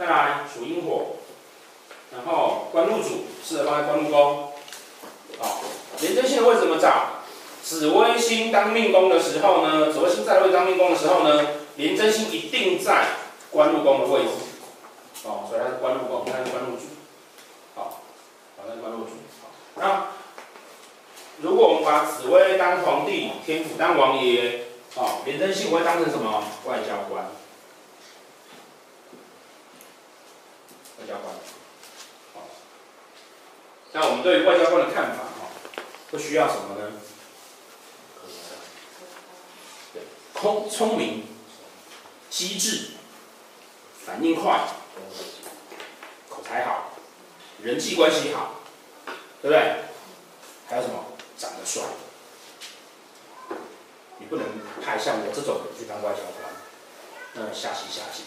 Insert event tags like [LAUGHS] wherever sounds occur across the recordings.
再來屬陰火，然後官祿主是放在官祿宮，好，廉貞星的位置怎麼找？紫微星當命宮的時候呢？紫微星在位當命宮的時候呢？廉貞星一定在官祿宮的位置，哦，所以它是官祿宮，它是官祿主，好，它是官祿主，好。那如果我們把紫微當皇帝，天府當王爺，啊，廉貞星我會當成什麼？外交官。那我們對於外交官的看法，哦，都需要什麼呢？對，聰明、機智、反應快、口才好、人際關係好，對不對？還有什麼？長得帥。你不能派像我這種人去當外交官，那下棋下棋、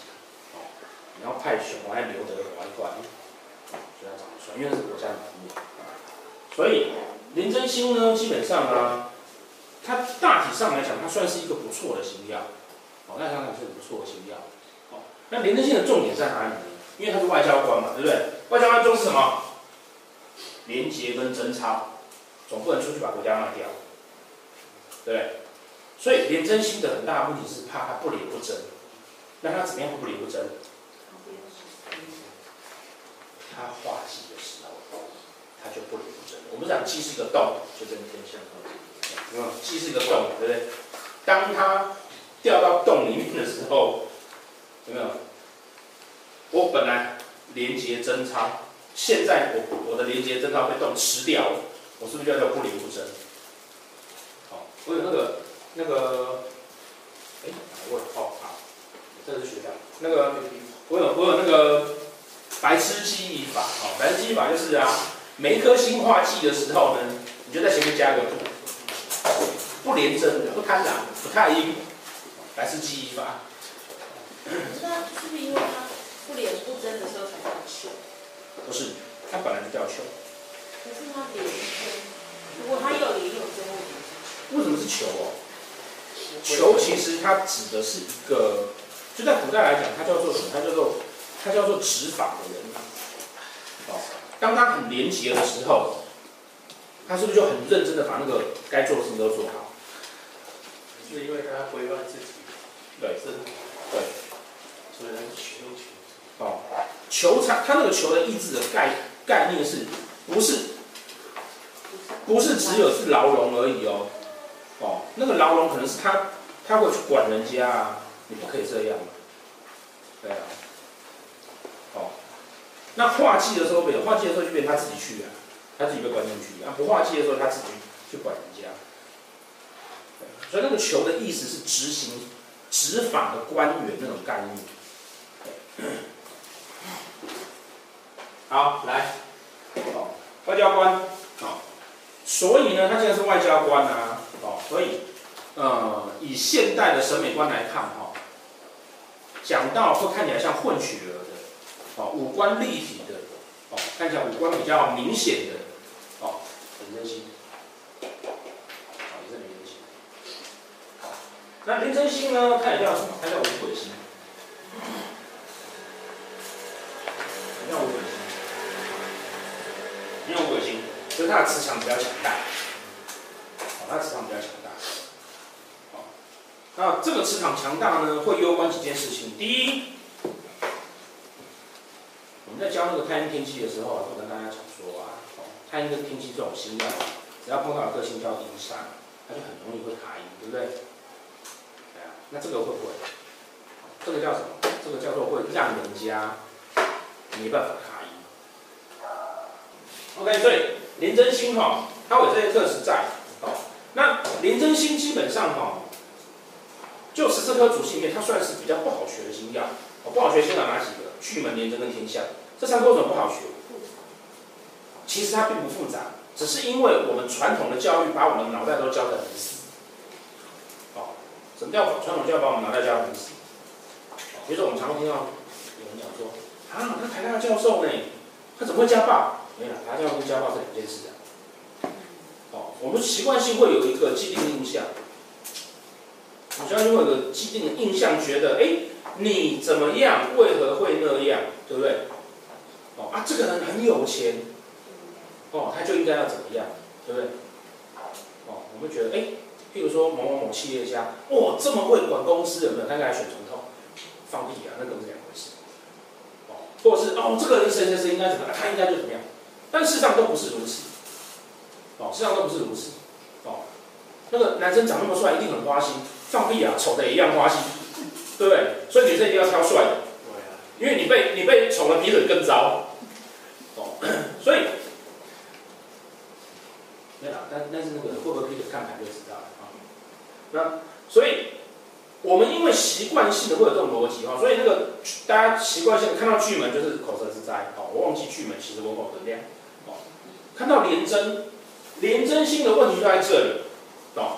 哦。你要派選我愛劉德華一掛。覺得因為是國家，所以廉貞星呢，基本上呢、啊，他大體上來講，他算是一個不錯的形象，哦，那他算是不錯的形象，哦，那廉貞星的重點在哪裡呢？因為他是外交官嘛，對不對？外交官重視什麼？廉潔跟貞操，總不能出去把國家賣掉，對不對？所以廉貞星的很大目的問題是怕他不廉不貞，那他怎麼樣不廉不貞？他化忌的時候，他就不廉不貞。我們講忌是個洞，就針天向天向後。忌是個洞，對不對？當它掉到洞裡面的時候，有沒有？我本來連接針倉，現在我我的連接針倉被洞吃掉了，我是不是就要叫不廉不貞？我有那個那個，哎、欸，我、哦、好差，這是學那個、那個、我有我有那個。白痴記憶法啊、哦，白痴記憶法就是啊，每一顆星化忌的時候呢，你就在前面加個不，不廉貞的，不貪狼，不太陰，白痴記憶法。不是、就是因為他不廉不貞的時候才叫囚？不是，他本來就叫囚。可是他廉貞，如果還有廉有貞會怎樣？為什麼是囚哦？囚其實它指的是一個，就在古代來講，它叫做什麼？它叫做。他叫做執法的人，哦，當他很廉潔的時候，他是不是就很認真的把那個該做的事情都做好？是因為他要規範自己，對，是，對，所以他求球哦，球場他那個球的意志的概概念是，不是，不是只有是牢籠而已哦，哦，那個牢籠可能是他他會去管人家，啊，你不可以這樣，對啊。那化忌的時候變，化忌的時候就變他自己去啊，他自己被關進去啊。不化忌的時候他自己去管人家。所以那個球的意思是執行執法的官員那種概念。好，來，哦，外交官，哦，所以呢，他現在是外交官啊，哦，所以，呃，以現代的審美觀來看哈，講到說看起來像混血兒。哦，五官立體的，哦，看起來五官比較明顯的，哦，廉貞星，哦，也是廉貞星，好、哦，那廉貞星呢？它也叫什麼？它叫五鬼星，叫五鬼星，叫五鬼星，就是他的磁場比較強大，哦，他的磁場比較強大、哦，那這個磁場強大呢，會有關幾件事情，第一。那個太陽天機的時候，我跟大家講說啊，哦、太陽跟天機這種星曜，只要碰到個性就要山，上，它就很容易會卡陰，對不對、啊？那這個會不會？這個叫什麼？這個叫做會讓人家沒辦法卡陰。OK，所以廉貞星哈，它、哦、有這些特質在哦。那廉貞星基本上哈、哦，就十四顆主星裡面，它算是比較不好學的星曜，哦，不好學星曜哪幾個？巨門、廉貞跟天相。這三個怎麼不好學？其實它並不複雜，只是因為我們傳統的教育把我們的腦袋都教得很死。哦，什麼叫傳統教育把我們腦袋教得很死、哦？比如說我們常常聽到有人講說：“啊，他台大教授呢、欸，他怎麼會家暴？”沒了，台大教授跟家暴是兩件事的、啊。哦，我們習慣性會有一個既定印象，你習慣性有一個既定的印象，覺得：“哎，你怎麼樣？為何會那樣？對不對？”這個人很有錢哦，他就應該要怎麼樣，對不對？哦，我們覺得，誒，譬如說某某某企業家，哦，這麼會管公司，有沒有？他應該選總統。放屁啊，那都、個、是兩回事。哦，或者是哦，這個人誰誰誰應該怎麼樣、啊，他應該就怎麼樣，但事實上都不是如此。哦，事實上都不是如此。哦，那個男生長那麼帥，一定很花心。放屁啊，醜的一樣花心，對不對？所以女生一定要挑帥的，因為你被你被寵的比你更糟。哦、oh, [LAUGHS] 所以沒啦、啊，但但是那個會不會可以看牌就知道了啊。Oh. 那所以我們因為習慣性的會有這種邏輯哈，oh, 所以那個大家習慣性的看到巨門就是口舌之災啊，oh, 我忘記巨門其實我口舌量哦。Oh. Mm -hmm. 看到廉貞，廉貞星的問題就在這裡哦。Oh. Mm -hmm.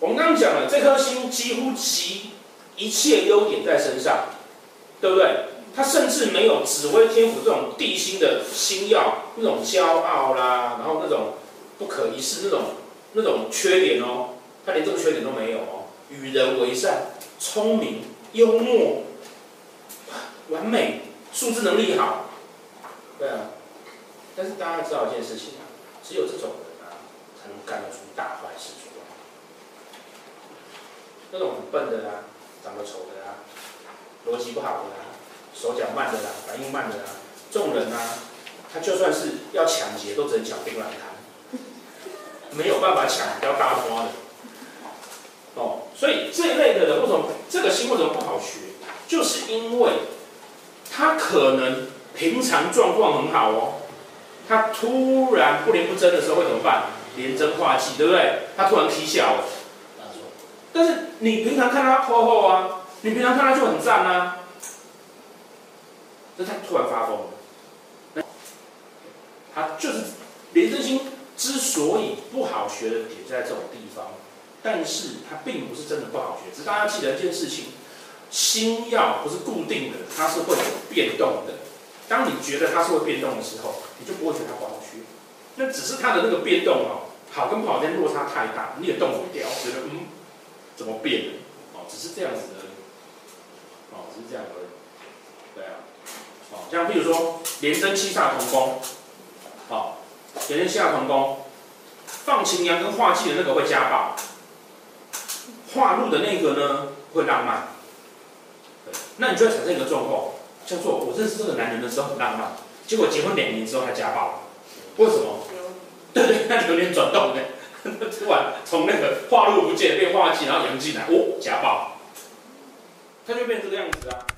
我們剛剛講了，這顆星幾乎集一切優點在身上，對不對？他甚至沒有紫微天府這種帝星的星曜，那種驕傲啦，然後那種不可一世那種那種缺點哦，他連這個缺點都沒有哦。與人為善，聰明，幽默，完美，數字能力好，對啊。但是大家知道一件事情啊，只有這種人啊，才能幹得出大壞事出來。那種很笨的啊，長得醜的啊，邏輯不好的啊。手腳慢的啦，反應慢的啦，這種人啊，他就算是要搶劫都只能搶檳榔攤，沒有辦法搶要大花的哦。所以這一類的人，為什麼這個星為什麼不好學？就是因為他可能平常狀況很好哦，他突然不廉不貞的時候會怎麼辦？廉貞化忌對不對？他突然皮笑。但是你平常看他潑厚，厚啊，你平常看他就很讚啊。那他突然發瘋了，那他就是廉貞星之所以不好學的點在這種地方，但是它並不是真的不好學，只是大家記得一件事情，星曜不是固定的，它是會有變動的。當你覺得它是會變動的時候，你就不會覺得它不好學。那只是它的那個變動哦，好跟不好之間落差太大，你也動不掉，覺得嗯，怎麼變的？哦，只是這樣子的，哦，只是這樣而已。對啊。像，哦、譬如說，廉貞七殺同宮好，哦，廉貞七殺同宮放擎羊跟化忌的那個會家暴，化祿的那個呢會浪漫，那你就會產生一個狀況，叫做我認識這個男人的時候很浪漫，結果結婚兩年之後他家暴，為什麼？嗯、對，對對，他流年轉動的，突然從那個化祿不見變化忌，然後羊忌來，哦，家暴，他就變這個樣子啊。